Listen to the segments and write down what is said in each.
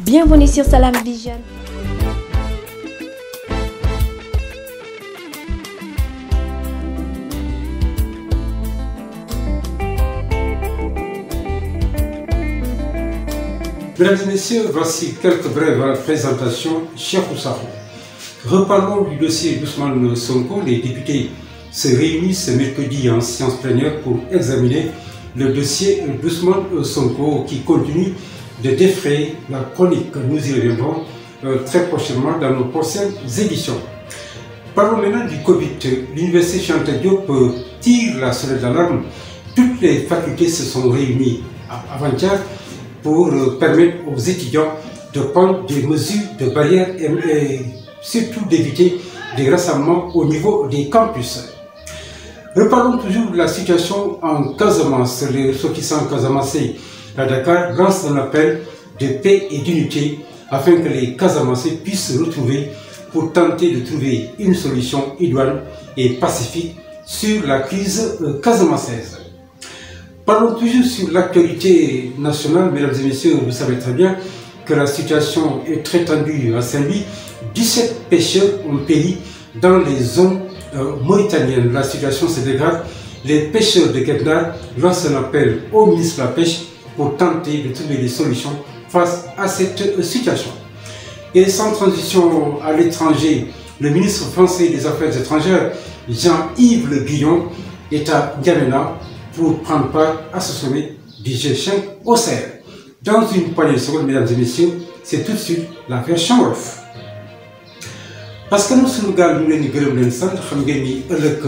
Bienvenue sur Salam Vision. Mesdames et messieurs, voici quelques brèves présentations. Cheikh Ousmane. Reparlons du dossier d'Ousmane Sonko. Les députés se réunissent ce mercredi en séance plénière pour examiner le dossier d'Ousmane Sonko qui continue de défrayer la chronique que nous y reviendrons euh, très prochainement dans nos prochaines éditions. Parlons maintenant du Covid. L'université Chantal Diop euh, tire la sonnette d'alarme. Toutes les facultés se sont réunies avant-hier pour euh, permettre aux étudiants de prendre des mesures de barrière et, surtout d'éviter des rassemblements au niveau des campus. Reparlons toujours de la situation en Casamance. Les ressortissants casamassés à Dakar lance un appel de paix et d'unité afin que les Casamançais puissent se retrouver pour tenter de trouver une solution idoine et pacifique sur la crise euh, casamançaise. Parlons toujours sur l'actualité nationale, mesdames et messieurs, vous savez très bien que la situation est très tendue à Saint-Louis. 17 pêcheurs ont péri dans les zones euh, mauritaniennes. La situation se dégrade. Les pêcheurs de Ketnar lancent un appel au ministre la Pêche pour tenter de trouver des solutions face à cette euh, situation. Et sans transition à l'étranger, le ministre français des Affaires étrangères, Jean-Yves Le Guillon, est à N'Djamena pour prendre part à ce sommet du G5 au Sahel. Dans une poignée de secondes, mesdames et messieurs, c'est tout de suite la version parce que nu suñu gaal ñu ngi leen di gërëm leen xam ngeen ni ëllëg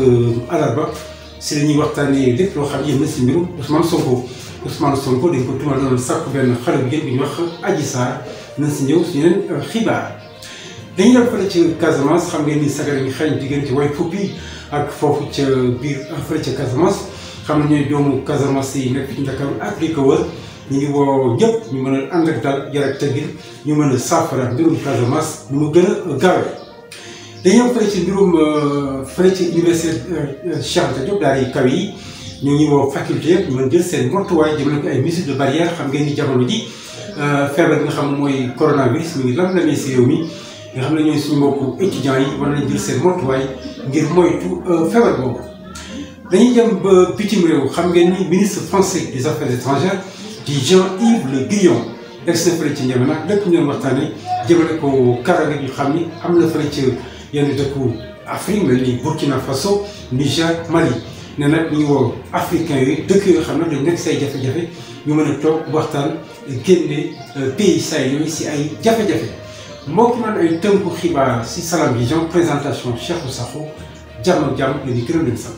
alarba euh, si la ñuy waxtaanee lépp loo xam yéen na si mbirum Ousmane Sonko Ousmane Sonko dañ ko tumal doon sàkku benn xale bu jigéen bu ñuy wax Adji Sarr nañ si ñëw suñu leen euh, xibaar. dañuy dem fële ci Casamance xam ngeen ni sagale bi xëy na diggante way fuppi ak foofu ca biir euh, fële ca Casamance xam nañ ñooy doomu Casamance yi nekk ci Ndakaaru ak li ko wër ñu ngi woo ñëpp ñu mën a ànd ak daal yar ak teggin ñu mën a saafara mbirum Casamance ñu mu gën a gaawee. dañuy dem fële ci mbirum. Euh, fële ci université euh, euh, Cheikh Anta Diop daal di kaw yi ñu ngi woo faculté yëpp ñu mën jël seen mottuwaay jëmale ko ay mesures de barrière xam ngeen ni jamono ji euh, feebar bi nga xam mooy coronavirus mi ngi lan si réew mi nga xam ne ñooy suñu mbokku étudiants yi war nañ jël seen mottuwaay ngir moytu feebar boobu. dañuy dem ba bitim réew xam ngeen ni ministre français des affaires étrangères di Jean-Yves Le Drian ex na fële ci Ndiamena lépp ñu doon waxtaanee jëmale ko kaaraange ñu xam ni am na fële ci yenn Afrique mel ni Burkina Faso Niger Mali ne nag ñu woo africains yooyu dëkk yoo xam ne dañ nekk jafe-jafe ñu mën a toog waxtaan génne euh, pays say yooyu si ay jafe-jafe mbokk naan ay tënku xibaar si Salam présentation Cheikhou Sakho jàmm ak jàmm la ñu gërëm leen sant